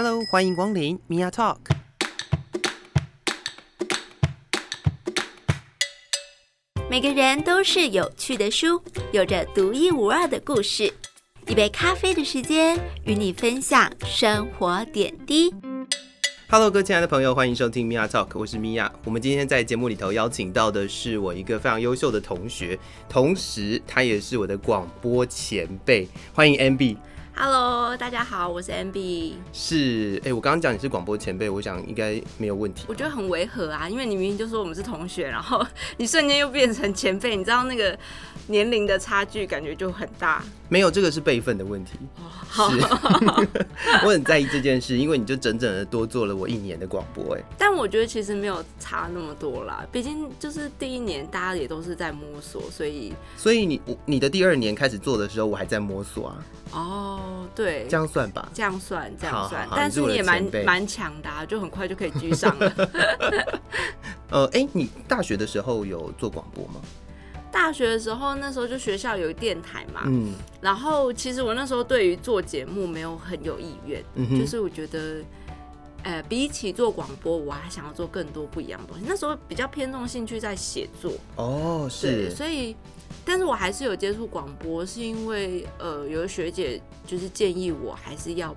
Hello，歡迎光臨 Mia Talk。每個人都是有趣的書，有着獨一無二的故事。一杯咖啡的時間，與你分享生活點滴。Hello，各位親愛的朋友，歡迎收聽 Mia Talk，我是 Mia。我們今天在節目裡頭邀請到的是我一個非常優秀的同學，同時他也是我的廣播前輩，歡迎 Aenbie。Hello，大家好，我是 MB。是，哎、欸，我剛剛講你是廣播前輩，我想應該沒有問題。我覺得很違和啊，因為你明明就說我們是同學，然後你瞬間又變成前輩，你知道那個。年齡的差距感覺就很大，沒有這個是輩分的問題。好、oh, 我很在意這件事， 因為你就整整的多做了我一年的廣播哎、欸。但我覺得其實沒有差那麼多啦，畢竟就是第一年大家也都是在摸索，所以所以你你的第二年開始做的時候，我還在摸索啊。哦、oh,，對，這樣算吧，這樣算，這樣算。好好好，但是你也蠻蠻強的、啊，就很快就可以追上了。 呃，哎，你大學的時候有做廣播嗎？大學的時候，那時候就學校有電台嘛，嗯、然後其實我那時候對於做節目沒有很有意願、嗯，就是我覺得，呃，比起做廣播，我還想要做更多不一樣的東西。那時候比較偏重興趣在寫作哦，是，所以，但是我還是有接觸廣播，是因為呃，有的學姐就是建議我還是要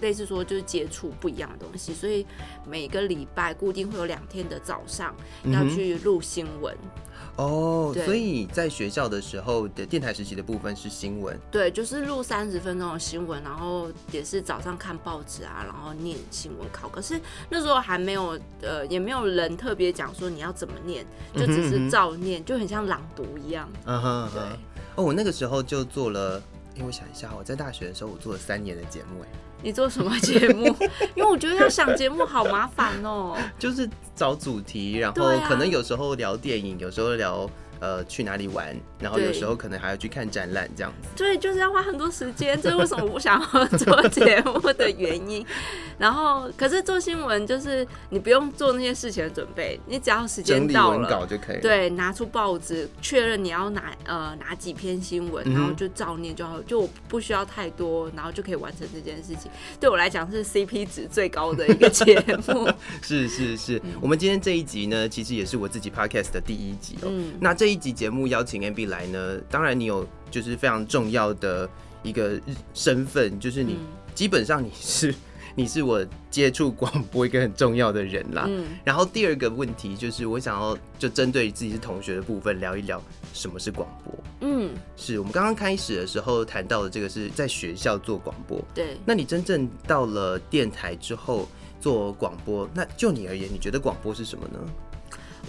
類似說就是接觸不一樣的東西，所以每個禮拜固定會有兩天的早上要去錄新聞。嗯哦、oh，所以在學校的時候的電台實習的部分是新聞，對，就是錄三十分鐘的新聞，然後也是早上看報紙啊，然後念新聞稿。可是那時候還沒有，呃，也沒有人特別講說你要怎麼念，就只是照念，嗯哼嗯哼，就很像朗讀一樣。嗯哼，對。哦、uh -huh, uh -huh.，我，oh, 那個時候就做了，因為我想一下、哦，我在大學的時候我做了三年的節目，哎。你做什麼節目？ 因為我覺得要想節目好麻煩哦，就是找主題，然後可能有時候聊電影，啊、有時候聊。呃，去哪裡玩？然後有時候可能還要去看展覽，這樣子。對，就是要花很多時間，這是為什麼我不想要做節目的原因。 然後，可是做新聞就是你不用做那些事情的準備，你只要時間到了，了對，拿出報紙，確認你要哪呃哪幾篇新聞、嗯，然後就照念就好，就我不需要太多，然後就可以完成這件事情。對我來講是 CP 值最高的一個節目。 是是是、嗯，我們今天這一集呢，其實也是我自己 Podcast 的第一集哦、喔嗯。那這。一集節目邀請 Aenbie 來呢，當然你有就是非常重要的一個身份，就是你、嗯、基本上你是你是我接觸廣播一個很重要的人啦。嗯。然後第二個問題就是，我想要就針對自己是同學的部分聊一聊什麼是廣播。嗯，是我們剛剛開始的時候談到的這個是在學校做廣播。對。那你真正到了電台之後做廣播，那就你而言，你覺得廣播是什麼呢？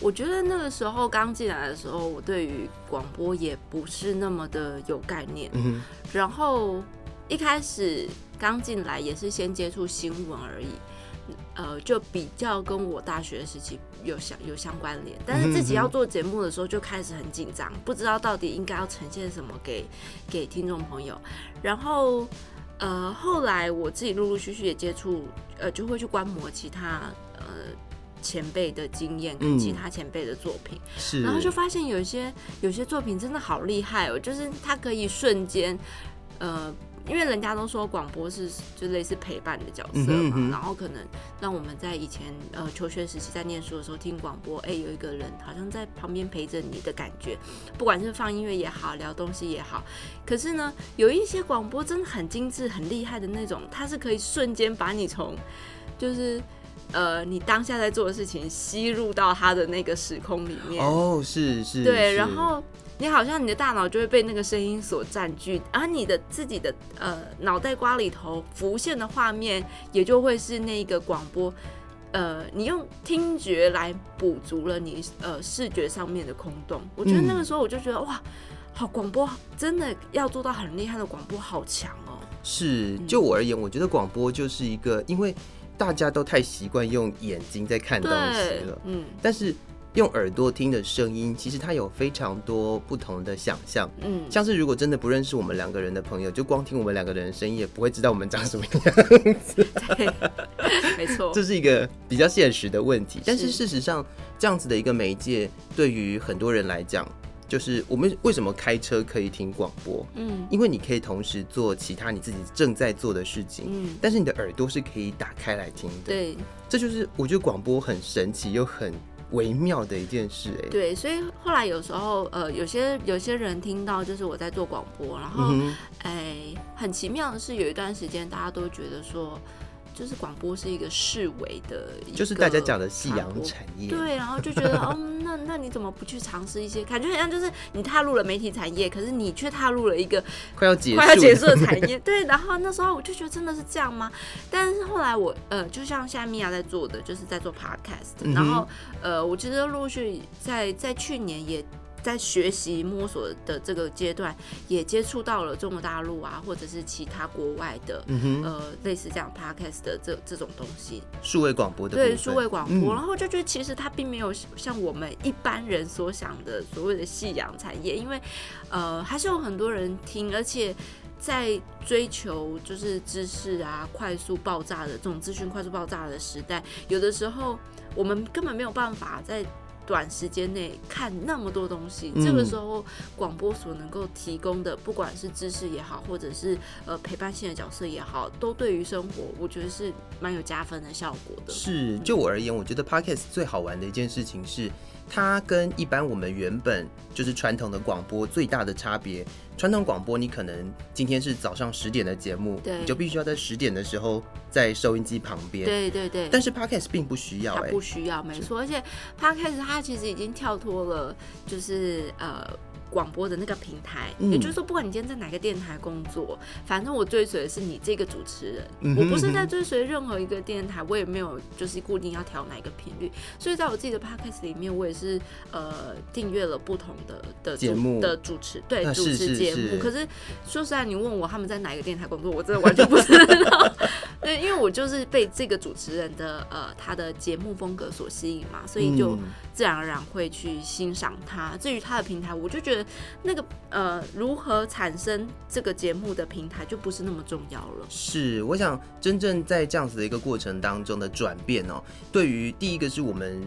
我覺得那個時候剛進來的時候，我對於廣播也不是那麼的有概念。嗯、然後一開始剛進來也是先接觸新聞而已，呃，就比較跟我大學時期有相有相關聯。但是自己要做節目的時候，就開始很緊張、嗯，不知道到底應該要呈現什麼給給聽眾朋友。然後呃，後來我自己陸陸續續也接觸，呃，就會去觀摩其他。前輩的經驗跟其他前輩的作品、嗯是，然後就發現有一些有些作品真的好厲害哦、喔，就是它可以瞬間，呃，因為人家都說廣播是就類似陪伴的角色嘛，嗯哼嗯哼，然後可能讓我們在以前呃求學時期在念書的時候聽廣播，哎、欸，有一個人好像在旁邊陪着你的感覺，不管是放音樂也好，聊東西也好，可是呢，有一些廣播真的很精致、很厲害的那種，它是可以瞬間把你從就是。呃，你當下在做的事情吸入到他的那個時空裡面。哦，是，是。對，然後你好像你的大腦就會被那個聲音所佔據，而你的自己的呃腦袋瓜裡頭浮現的畫面也就會是那個廣播，呃，你用聽覺來補足了你呃視覺上面的空洞。我覺得那個時候我就覺得、嗯、哇，好廣播，真的要做到很厲害的廣播，好強哦、喔。是，就我而言，嗯、我覺得廣播就是一個因為。大家都太習慣用眼睛在看東西了，嗯，但是用耳朵聽的聲音，其實它有非常多不同的想象，嗯，像是如果真的不認識我們兩個人的朋友，就光聽我們兩個人的聲音，也不會知道我們長什麼樣子，對，沒錯，這是一個比較現實的問題。但是事實上，這樣子的一個媒介，對於很多人來講。就是我們為什麼開車可以聽廣播？嗯，因為你可以同時做其他你自己正在做的事情。嗯，但是你的耳朵是可以打開來聽的。對，這就是我覺得廣播很神奇又很微妙的一件事、欸。哎，對，所以後來有時候，呃，有些有些人聽到就是我在做廣播，然後，哎、嗯欸，很奇妙的是，有一段時間大家都覺得說。就是廣播是一個視為的，就是大家講的夕陽產業。對，然後就覺得， 哦，那那你怎麼不去嘗試一些？感覺好像就是你踏入了媒體產業，可是你卻踏入了一個快要結束、快要結束的產業。 對，然後那時候我就覺得真的是這樣嗎？但是後來我，呃，就像現在 Mia 在做的，就是在做 podcast、嗯。然後，呃，我其實陸續在在去年也，在學習摸索的這個階段，也接觸到了中國大陸啊，或者是其他國外的，嗯、哼呃，類似這樣 podcast 的這這種東西，數位廣播的對，數位廣播、嗯，然後就覺得其實它並沒有像我們一般人所想的所謂的夕陽產業，因為呃還是有很多人聽，而且在追求就是知識啊，快速爆炸的這種資訊快速爆炸的時代，有的時候我們根本沒有辦法在短時間內看那麼多東西，嗯，這個時候廣播所能夠提供的，不管是知識也好，或者是呃陪伴性的角色也好，都對於生活，我覺得是蠻有加分的效果的。是，就我而言，嗯，我覺得 Podcast 最好玩的一件事情是。它跟一般我們原本就是傳統的廣播最大的差別，傳統廣播，你可能今天是早上十點的節目對，你就必須要在十點的時候在收音機旁邊。對對對，但是 Podcast 並不需要、欸，不需要，沒錯，而且 Podcast 它其實已經跳脫了，就是呃。廣播的那個平台，嗯、也就是說，不管你今天在哪個電台工作，反正我追隨的是你這個主持人，嗯、哼哼我不是在追隨任何一個電台，我也沒有就是固定要調哪一個頻率。所以，在我自己的 Podcast 裡面，我也是呃訂閱了不同的的節目、的主持，對、啊、主持節目是是是。可是，說實在，你問我他們在哪個電台工作，我真的完全不知道。 對，因為我就是被這個主持人的呃他的節目風格所吸引嘛，所以就。嗯自然而然會去欣賞它。至於它的平台，我就覺得那個呃，如何產生這個節目的平台就不是那麼重要了。是，我想真正在這樣子的一個過程當中的轉變哦、喔，對於第一個是我們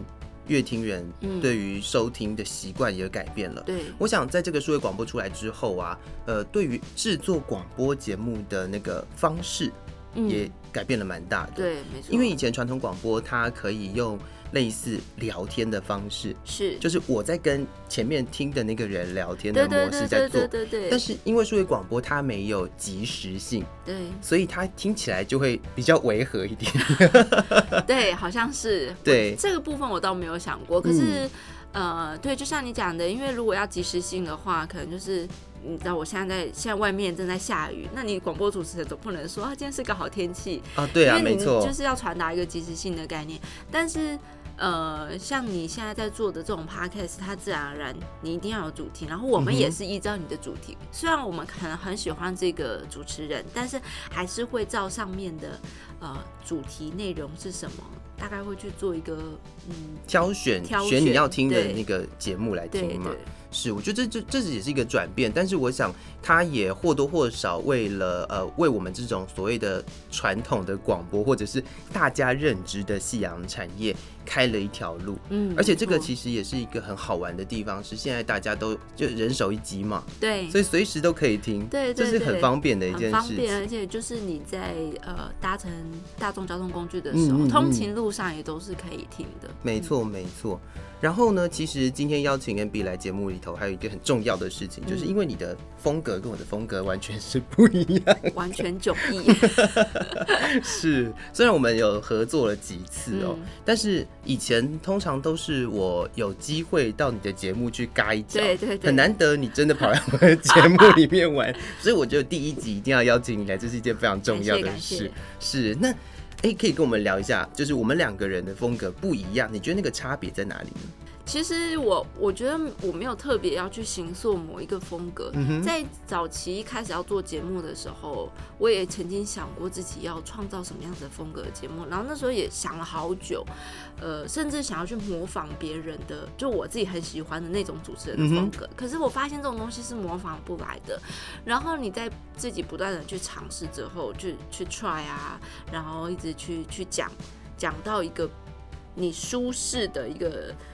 樂聽人對於收聽的習慣也改變了、嗯。對，我想在這個數位廣播出來之後啊，呃，對於制作廣播節目的那個方式也改變了蠻大的、嗯。對，沒錯。因為以前傳統廣播它可以用。類似聊天的方式是，就是我在跟前面聽的那個人聊天的模式在做，對對，對，對，對，對，對，對，但是因為數位廣播它沒有即時性，對，所以它聽起來就會比較違和一點。 對，好像是。對，這個部分我倒沒有想過。可是，嗯、呃，對，就像你講的，因為如果要即時性的話，可能就是，你知道我現在在現在外面正在下雨，那你廣播主持人總不能說啊今天是個好天氣啊？對啊，沒錯，就是要傳達一個即時性的概念，但是。呃，像你現在在做的這種 podcast，它自然而然你一定要有主題，然後我們也是依照你的主題。嗯、雖然我們可能很喜歡這個主持人，但是還是會照上面的、呃、主題內容是什麼，大概會去做一個嗯挑選挑選，選你要聽的那個節目來聽嘛對對對。是，我覺得這這這是也是一個轉變，但是我想他也或多或少為了呃為我們這種所謂的傳統的廣播或者是大家認知的夕陽產業。開了一條路，嗯，而且這個其實也是一個很好玩的地方，是現在大家都就人手一機嘛，對，所以隨時都可以聽，對，對，對，這是很方便的一件事情，很方便，而且就是你在、呃、搭乘大眾交通工具的時候、嗯嗯嗯，通勤路上，也都是可以聽的，嗯、沒錯沒錯。然後呢，其實今天邀請 Aenbie 來節目裡頭，還有一個很重要的事情、嗯，就是因為你的風格跟我的風格完全是不一樣，完全迥異， 是。雖然我們有合作了幾次哦、喔嗯，但是。以前通常都是我有機會到你的節目去尬一腳，對對，很難得你真的跑來我的節目裡面玩， 所以我覺得第一集一定要邀請你來，這是一件非常重要的事。是，那誒，可以跟我們聊一下，就是我們兩個人的風格不一樣，你覺得那個差別在哪裡呢？其實我我覺得我沒有特別要去形塑某一個風格。嗯哼。在早期一開始要做節目的時候，我也曾經想過自己要創造什麼樣子的風格的節目。然後那時候也想了好久，呃，甚至想要去模仿別人的，就我自己很喜歡的那種主持人的風格。嗯、可是我發現這種東西是模仿不來的。然後你在自己不斷的去嘗試之後，去去 try 啊，然後一直去去講，講到一個。你舒適的一個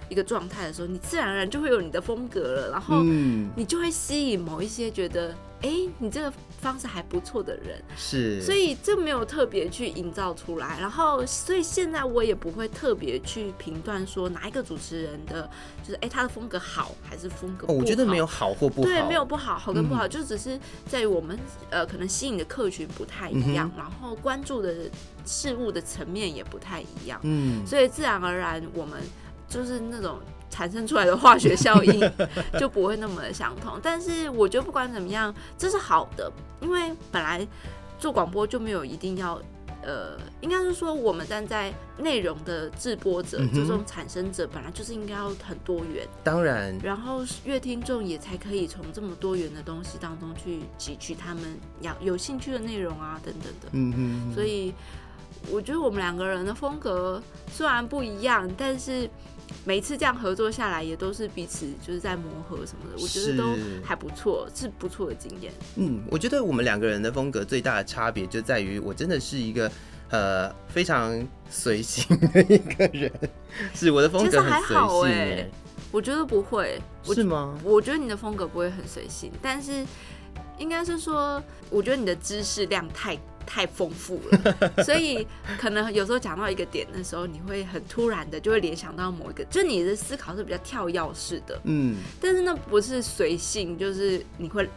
一個狀態的時候，你自然而然就會有你的風格了，然後你就會吸引某一些覺得。哎、欸，你這個方式還不錯的人是，所以這沒有特別去營造出來，然後所以現在我也不會特別去評斷說哪一個主持人的就是哎、欸、他的風格好還是風格不好，哦，我覺得沒有好或不好，對，沒有不好，好跟不好，嗯、就只是在於我們呃可能吸引的客群不太一樣，嗯、然後關注的事物的層面也不太一樣，嗯，所以自然而然我們就是那種，產生出來的化學效應就不會那麼的相同， 但是我覺得不管怎麼樣，這是好的，因為本來做廣播就沒有一定要，呃，應該是說我們站在內容的製播者、嗯、這種產生者，本來就是應該要很多元，當然，然後閱聽眾也才可以從這麼多元的東西當中去汲取他們要有興趣的內容啊，等等的，嗯嗯，所以我覺得我們兩個人的風格雖然不一樣，但是。每次這樣合作下來，也都是彼此就是在磨合什麼的，我覺得都還不錯，是不錯的經驗。嗯，我覺得我們兩個人的風格最大的差別就在於，我真的是一個呃非常隨性的一個人，是我的風格很隨性，就是還好欸。我覺得不會，是嗎？我覺得你的風格不會很隨性，但是應該是說，我覺得你的知識量太高。太豐富了， 所以可能有時候講到一個點的時候，你會很突然的就會聯想到某一個，就你的思考是比較跳躍式的，嗯，但是那不是隨性，就是你會，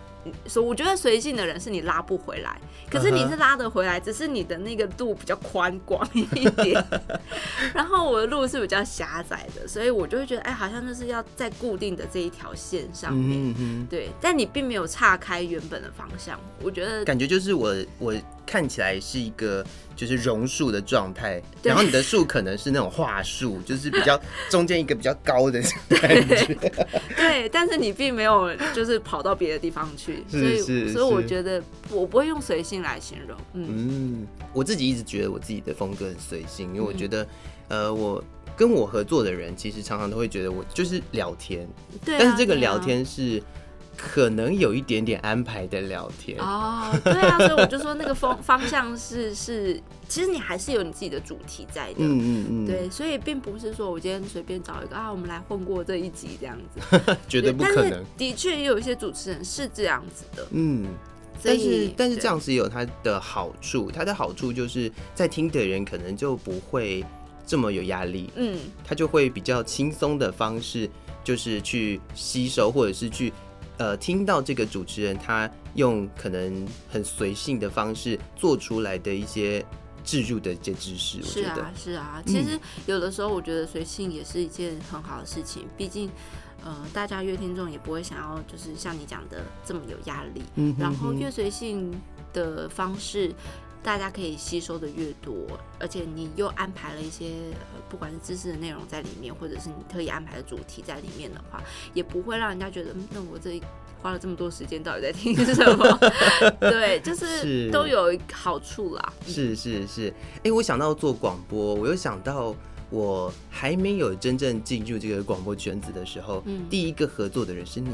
所以我覺得隨性的人是你拉不回來，可是你是拉得回來，只是你的那個度比較寬廣一點。 然後我的路是比較狹窄的，所以我就會覺得，哎，好像就是要在固定的這一條線上面，嗯哼哼，對，但你並沒有岔開原本的方向，我覺得感覺就是我我。看起來是一個就是榕樹的狀態，然後你的樹可能是那種畫樹， 就是比較中間一個比較高的感覺對。對，但是你並沒有就是跑到別的地方去， 所以，是是是，所以，所以我覺得我不會用隨性來形容嗯。嗯，我自己一直覺得我自己的風格很隨性，因為我覺得、嗯、呃，我跟我合作的人其實常常都會覺得我就是聊天，對啊、但是這個聊天是。可能有一點點安排的聊天哦，對啊，所以我就說那個方 方向是是，其實你還是有你自己的主題在的。嗯嗯嗯，對，所以並不是說我今天隨便找一個啊，我們來混過這一集這樣子，絕 對不可能。的確，也有一些主持人是這樣子的。嗯，但是但是這樣子也有它的好處，它的好處就是在聽的人可能就不會這麼有壓力，嗯，他就會比較輕鬆的方式，就是去吸收或者是去。呃，聽到這個主持人他用可能很隨性的方式做出來的一些置入的一些知識，是啊，是啊、嗯。其實有的時候我覺得隨性也是一件很好的事情，畢竟呃，大家越聽眾也不會想要就是像你講的這麼有壓力、嗯哼哼，然後越隨性的方式。大家可以吸收的越多，而且你又安排了一些，呃，不管是知識的內容在裡面，或者是你特意安排的主題在裡面的話，也不會讓人家覺得，嗯，那我這花了這麼多時間，到底在聽什麼？ 對，就是，是都有好處啦。是是是，哎、欸，我想到做廣播，我又想到我還沒有真正進入這個廣播圈子的時候，嗯，第一個合作的人是你。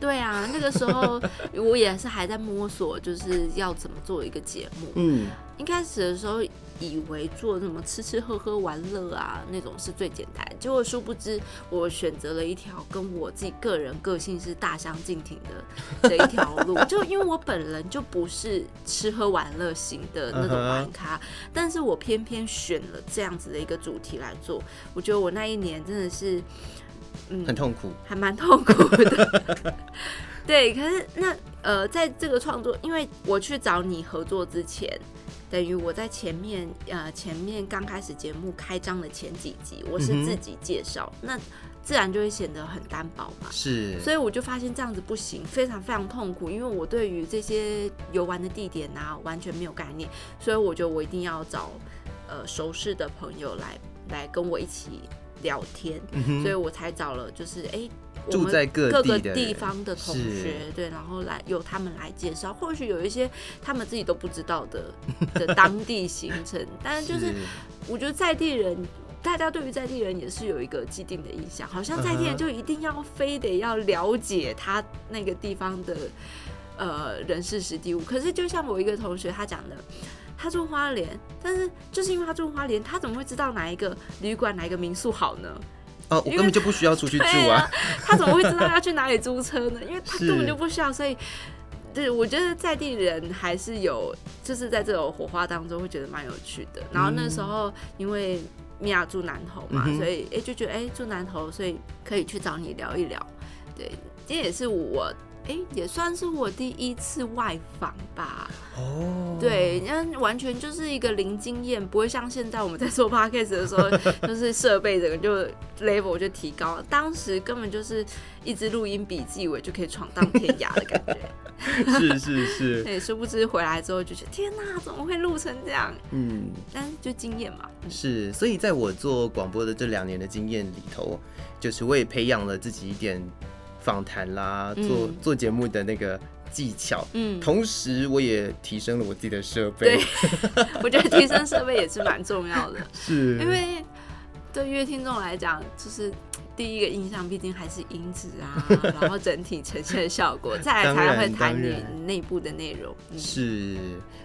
對啊，那個時候我也是還在摸索，就是要怎麼做一個節目。嗯。一開始的時候，以為做什麼吃吃喝喝玩樂啊，那種是最簡單，結果殊不知我選擇了一條跟我自己個人個性是大相徑庭的這一條路。 就因為我本人就不是吃喝玩樂型的那種玩咖，uh-huh. 但是我偏偏選了這樣子的一個主題來做，我覺得我那一年真的是，嗯，很痛苦，還蠻痛苦的。 對，可是那呃，在這個創作，因為我去找你合作之前。等於我在前面，呃，前面剛開始節目開張的前幾集，我是自己介紹、嗯，那自然就會顯得很單薄嘛。是，所以我就發現這樣子不行，非常非常痛苦，因為我對於這些遊玩的地點啊完全沒有概念，所以我覺得我一定要找呃，熟識的朋友來來跟我一起聊天、嗯，所以我才找了就是哎。誒住在各，我們各個地方的同學，對，然後來由他們來介紹，或許有一些他們自己都不知道的的當地行程。 但是，就是，是我覺得在地人，大家對於在地人也是有一個既定的印象，好像在地人就一定要非得要了解他那個地方的呃人事時地物。可是，就像我一個同學他講的，他住花蓮，但是就是因為他住花蓮，他怎麼會知道哪一個旅館、哪一個民宿好呢？哦，我根本就不需要出去住啊，啊！他怎麼會知道要去哪裡租車呢？ 因為他根本就不需要，所以對，我覺得在地人還是有，就是在這種火花當中會覺得蠻有趣的。然後那時候因為米婭住南投嘛、嗯，所以哎、欸、就覺得哎、欸、住南投，所以可以去找你聊一聊。對，這也是我。哎、欸，也算是我第一次外訪吧。哦、oh.，對，完全就是一個零經驗，不會像現在我們在做 Podcast 的時候， 就是設備整個就 level 就提高。當時根本就是一支錄音筆，以為就可以闖蕩天涯的感覺。是 是 是。對，殊、欸、不知回來之後就覺得天哪、啊，怎麼會錄成這樣？嗯，但就經驗嘛、嗯。是，所以在我做廣播的這兩年的經驗裡頭，就是我也培養了自己一點。訪談啦，做做節目的那個技巧，嗯，同時我也提升了我自己的設備。 我覺得提升設備也是蠻重要的，是因為對音樂聽眾來講，就是。第一個印象畢竟還是音質啊，然後整體呈現的效果， 再來才會談你內部的內容，嗯。是，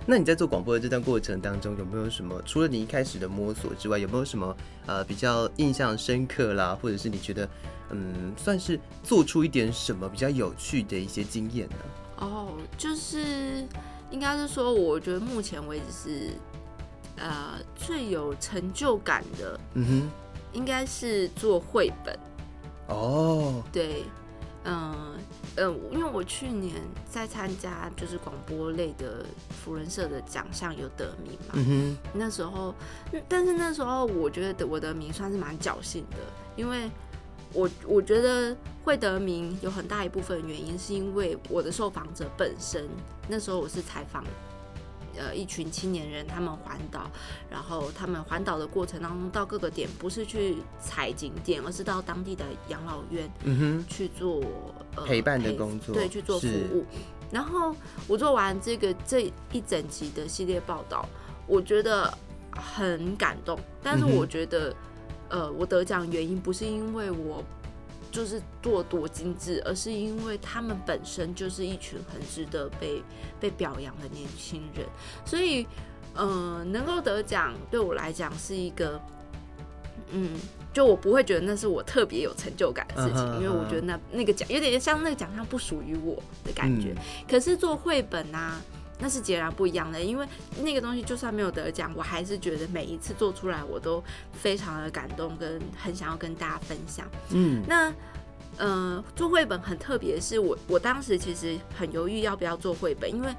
那你在做廣播的這段過程當中，有沒有什麼除了你一開始的摸索之外，有沒有什麼呃比較印象深刻啦，或者是你覺得嗯算是做出一點什麼比較有趣的一些經驗呢？哦，就是應該是說，我覺得目前為止是呃最有成就感的。嗯哼。應該是做繪本，哦、oh.，對，嗯、呃、嗯、呃，因為我去年在參加就是廣播類的扶輪社的獎項有得名嘛，mm -hmm. 那時候，但是那時候我覺得得我得名算是蠻僥倖的，因為我我覺得會得名有很大一部分原因是因為我的受訪者本身，那時候我是採訪。呃，一群青年人，他們環島，然後他們環島的過程當中，到各個點不是去踩景點，而是到當地的養老院，嗯哼，去做、呃、陪伴的工作，對，去做服務。然後我做完這個這一整集的系列報道，我覺得很感動。但是我覺得，嗯、呃，我得獎原因不是因為我。就是做多精致，而是因為他們本身就是一群很值得被被表揚的年輕人，所以，呃，能夠得獎對我來講是一個，嗯，就我不會覺得那是我特別有成就感的事情，uh -huh, uh -huh. 因為我覺得那那個獎有點像那個獎項不屬於我的感覺。Uh -huh. 可是做繪本啊。那是截然不一樣的，因為那個東西就算沒有得獎，我還是覺得每一次做出來我都非常的感動，跟很想要跟大家分享。嗯，那呃，做繪本很特別，是我我當時其實很猶豫要不要做繪本，因為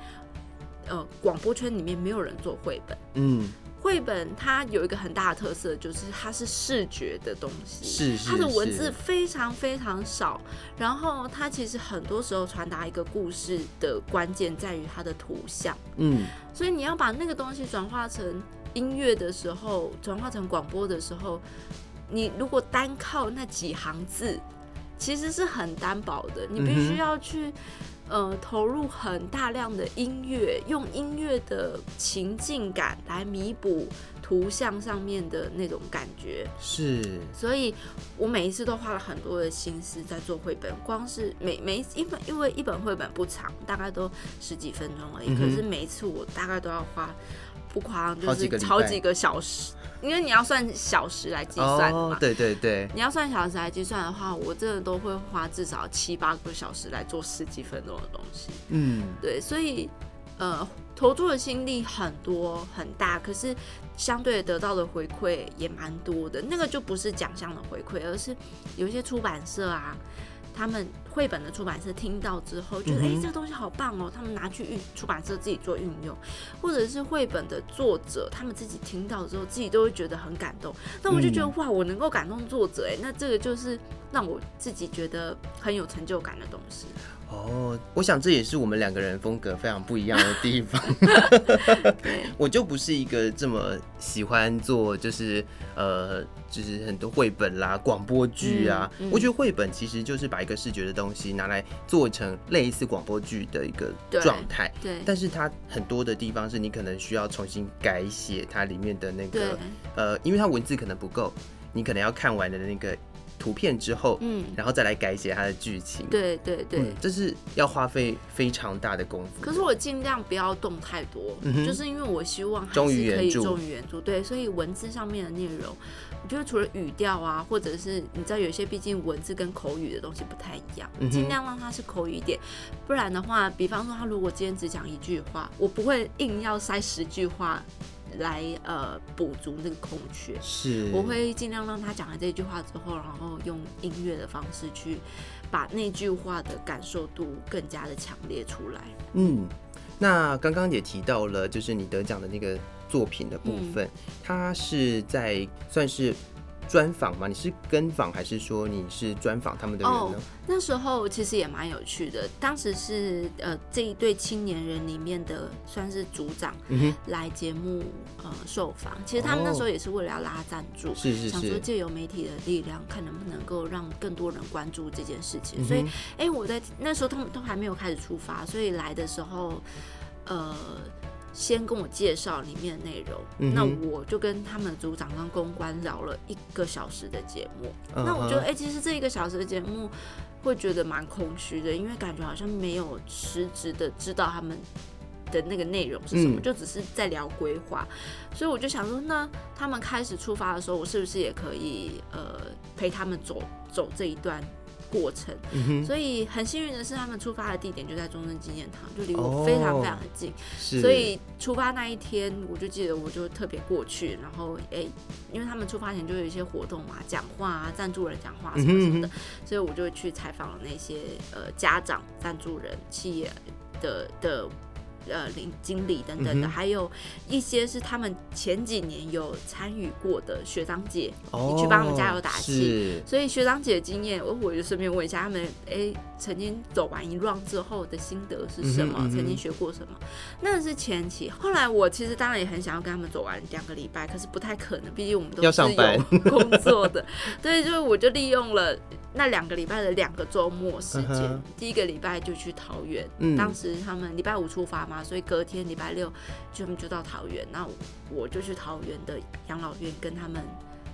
呃，廣播圈裡面沒有人做繪本。嗯。繪本它有一個很大的特色，就是它是視覺的東西，它的文字非常非常少，然後它其實很多時候傳達一個故事的關鍵在於它的圖像，嗯，所以你要把那個東西轉化成音樂的時候，轉化成廣播的時候，你如果單靠那幾行字。其實是很單薄的，你必須要去、嗯，呃，投入很大量的音樂，用音樂的情境感來彌補圖像上面的那種感覺。是，所以我每一次都花了很多的心思在做繪本。光是每每一次，因為因為一本繪本不長，大概都十幾分鐘而已、嗯，可是每一次我大概都要花。不誇張，就是超幾個禮拜，超幾個小時，因為你要算小時來計算嘛，哦，對對對，你要算小時來計算的話，我真的都會花至少七八個小時來做十幾分鐘的東西。嗯，對，所以呃，投注的心力很多很大，可是相對得到的回饋也蠻多的。那個就不是獎項的回饋，而是有一些出版社啊。他們繪本的出版社聽到之後，覺得，嗯哼，欸，這個東西好棒喔，他們拿去運，出版社自己做運用，或者是繪本的作者，他們自己聽到之後，自己都會覺得很感動。那我就覺得，嗯，哇，我能夠感動作者欸。那這個就是。讓我自己覺得很有成就感的東西。哦、oh，我想這也是我們兩個人風格非常不一樣的地方 對。 我就不是一個這麼喜歡做，就是呃，就是很多繪本啦、廣播劇啊、嗯嗯。我覺得繪本其實就是把一個視覺的東西拿來做成類似廣播劇的一個狀態。對，但是它很多的地方是你可能需要重新改寫它裡面的那個呃，因為它文字可能不夠，你可能要看完的那個。圖片之後，嗯，然後再來改寫它的劇情。對對對、嗯，這是要花費非常大的功夫。可是我盡量不要動太多，嗯、就是因為我希望忠於原著。忠於原著，對，所以文字上面的內容，我覺得除了語調啊，或者是你知道，有些畢竟文字跟口語的東西不太一樣，嗯、盡量讓它是口語一點。不然的話，比方說他如果今天只講一句話，我不會硬要塞十句話。來呃補足那個空缺，是，我會盡量讓他講完這句話之後，然後用音樂的方式去把那句話的感受度更加的強烈出來。嗯，那剛剛也提到了，就是你得獎的那個作品的部分，嗯，它是在算是。專訪嗎？你是跟訪還是說你是專訪他們的人呢？哦、oh,，那時候其實也蠻有趣的。當時是呃這一對青年人裡面的算是組長、mm -hmm. 來節目呃受訪。其實他們那時候也是為了要拉贊助，是、oh. 是想說借由媒體的力量，看能不能夠讓更多人關注這件事情。Mm -hmm. 所以，哎、欸，我在那時候他們都還沒有開始出發，所以來的時候呃。先跟我介紹裡面的內容、嗯，那我就跟他們組長跟公關聊了一個小時的節目、嗯。那我覺得，哎、欸，其實這一個小時的節目，會覺得蠻空虛的，因為感覺好像沒有實質的知道他們的那個內容是什麼、嗯，就只是在聊規劃。所以我就想說，那他們開始出發的時候，我是不是也可以呃陪他們走走這一段？過程、嗯，所以很幸運的是，他們出發的地點就在中正紀念堂，就離我非常非常的近、哦。所以出發那一天，我就記得，我就特別過去，然後、欸、因為他們出發前就有一些活動嘛、啊，講話啊，贊助人講話什麼什麼的，嗯、所以我就去採訪那些呃家長、贊助人、企業的的。的呃，領經理等等的、嗯，還有一些是他們前幾年有參與過的學長姐，去幫他們加油打氣。所以學長姐的經驗，我我就順便問一下，他們哎、欸，曾經走完一 run 之後的心得是什麼？嗯哼嗯哼，曾經學過什麼？那是前期。後來我其實當然也很想要跟他們走完兩個禮拜，可是不太可能，畢竟我們都是有工作的。所 以就我就利用了那兩個禮拜的兩個周末時間、嗯，第一個禮拜就去桃園、嗯。當時他們禮拜五出發嘛。啊，所以隔天禮拜六，就他們就到桃園，那我，我就去桃園的養老院跟他們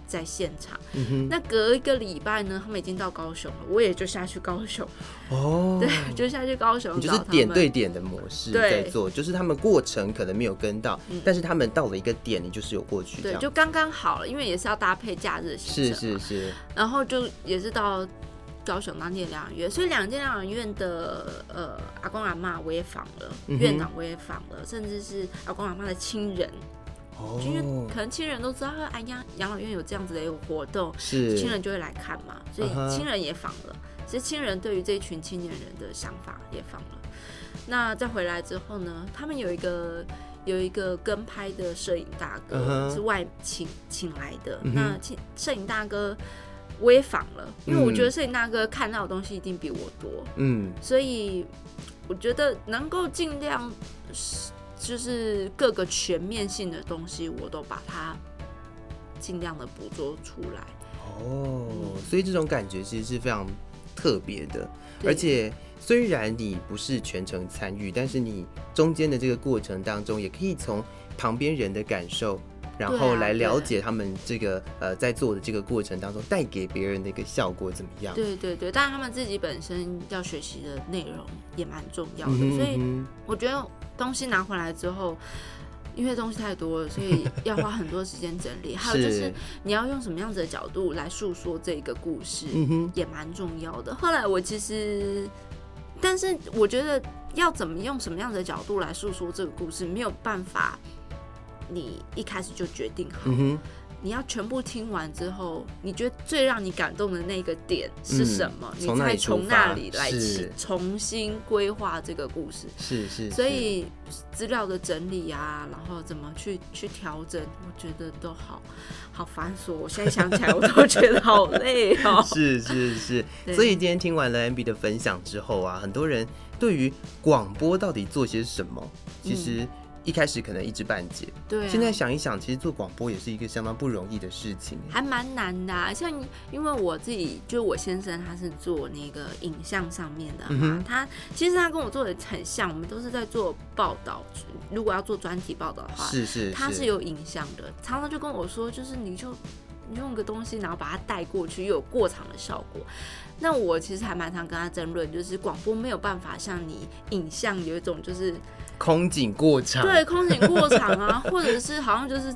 在現場。嗯、那隔一個禮拜呢，他們已經到高雄了，我也就下去高雄。哦，對，就下去高雄。就是點對點的模式在做，就是他們過程可能沒有跟到、嗯，但是他們到了一個點，你就是有過去。對，就剛剛好了，因為也是要搭配假日行程。是是是，然後就也是到。高雄那間療養院，所以兩間療養院的呃阿公阿嬤，我也訪了，嗯，院長我也訪了，甚至是阿公阿嬤的親人，哦，就因為可能親人都知道，哎呀，養老院有這樣子的一個活動，是，親人就會來看嘛，所以親人也訪了啊。其實親人對於這一群青年人的想法也訪了。那再回來之後呢，他們有一個有一個跟拍的攝影大哥是外請請來的，那請攝影大哥啊，微訪了，因為我覺得攝影大哥看到的東西一定比我多，嗯，嗯，所以我覺得能夠盡量是就是各個全面性的東西，我都把它盡量的捕捉出來。哦，所以這種感覺其實是非常特別的，而且雖然你不是全程參與，但是你中間的這個過程當中，也可以從旁邊人的感受。然後來了解他們這個、啊、呃在做的這個過程當中帶給別人的一個效果怎麼樣？對對對，當然他們自己本身要學習的內容也蠻重要的嗯哼嗯哼，所以我覺得東西拿回來之後，因為東西太多了，所以要花很多時間整理。 還有就是你要用什麼樣子的角度來訴說這個故事，也蠻重要的。後來我其實，但是我覺得要怎麼用什麼樣的角度來訴說這個故事，沒有辦法。你一開始就決定好、嗯，你要全部聽完之後，你覺得最讓你感動的那個點是什麼？嗯、你再從那裡來重新規劃這個故事。是是，所以資料的整理啊，然後怎麼去去調整，我覺得都好好繁瑣。我現在想起來，我都覺得好累哦、喔。 是是是， 所以今天聽完了 Aenbie 的分享之後啊，很多人對於廣播到底做些什麼，其實、嗯。一開始可能一知半解，對、啊。現在想一想，其實做廣播也是一個相當不容易的事情，還蠻難的、啊、像因為我自己，就是我先生他是做那個影像上面的、啊嗯、他其實他跟我做的很像，我們都是在做報道，如果要做專題報道的話，是，是是，他是有影像的，常常就跟我說，就是你就。用個東西，然後把它帶過去，又有過場的效果。那我其實還蠻常跟他爭論，就是廣播沒有辦法像你影像有一種就是空景過場。對，空景過場啊， 或者是好像就是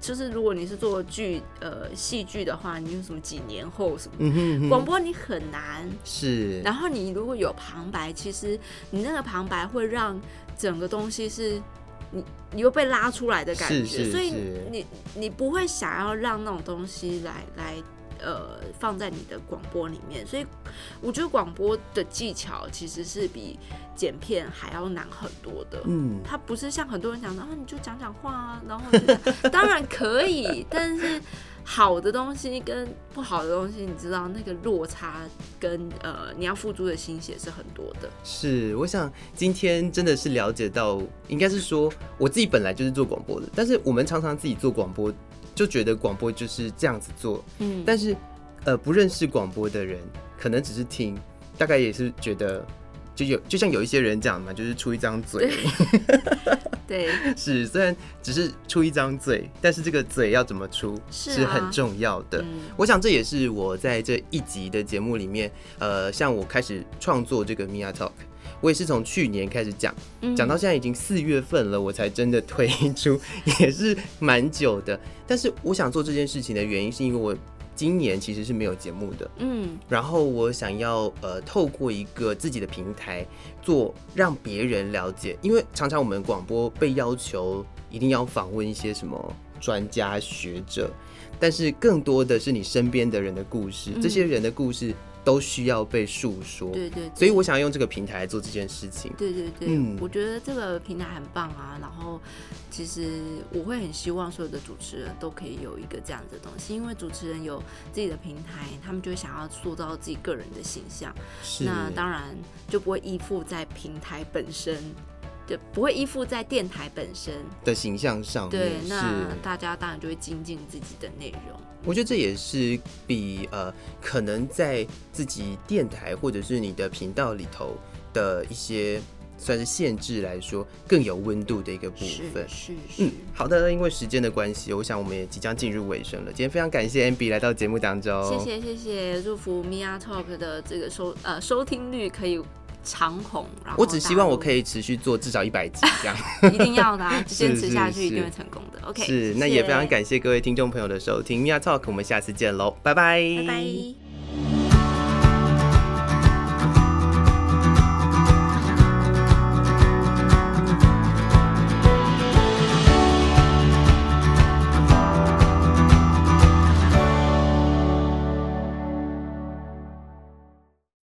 就是如果你是做劇呃戲劇的話，你用什麼幾年後什麼，廣播你很難 是。然後你如果有旁白，其實你那個旁白會讓整個東西是。你你又被拉出來的感覺，是是是，所以你你不會想要讓那種東西來來呃放在你的廣播裡面，所以我覺得廣播的技巧其實是比剪片，還要難很多的。嗯，它不是像很多人講的啊，你就講講話啊，然後就當然可以， 但是。好的東西跟不好的東西，你知道那個落差跟呃，你要付出的心血是很多的。是，我想今天真的是了解到，應該是說我自己本來就是做廣播的，但是我們常常自己做廣播就覺得廣播就是這樣子做，嗯，但是呃，不認識廣播的人可能只是聽，大概也是覺得。就有就像有一些人講嘛，就是出一張嘴， 對，是雖然只是出一張嘴，但是這個嘴要怎麼出，是啊、是很重要的。我想這也是我在這一集的節目裡面，呃，像我開始創作這個 Mia Talk，我也是從去年開始講，講到現在已經四月份了，我才真的推出，也是蠻久的。但是我想做這件事情的原因，是因為我。今年其實是沒有節目的，嗯，然後我想要呃，透過一個自己的平台做讓別人了解，因為常常我們廣播被要求一定要訪問一些什麼專家學者，但是更多的是你身邊的人的故事，嗯，這些人的故事。都需要被訴說，對對，對對，所以我想要用這個平台來做這件事情。對對對、對、嗯，我覺得這個平台很棒啊。然後，其實我會很希望所有的主持人都可以有一個這樣的東西，因為主持人有自己的平台，他們就想要塑造自己個人的形象。那當然就不會依附在平台本身。不會依附在電台本身的形象上面，對，那大家當然就會精進自己的內容。我覺得這也是比呃，可能在自己電台或者是你的頻道裡頭的一些算是限制來說，更有溫度的一個部分是、是。是，嗯，好的，因為時間的關係，我想我們也即將進入尾聲了。今天非常感謝 Aenbie 來到節目當中，謝謝、謝謝，祝福 Mia Talk 的這個收呃收聽率可以。長紅，我只希望我可以持續做至少一百集這樣， 一定要的，啊，堅持下去一定會成功的。是是是 OK，是，是，那也非常感謝各位聽眾朋友的收聽，MIATALK，我們下次見嘍，拜，拜拜。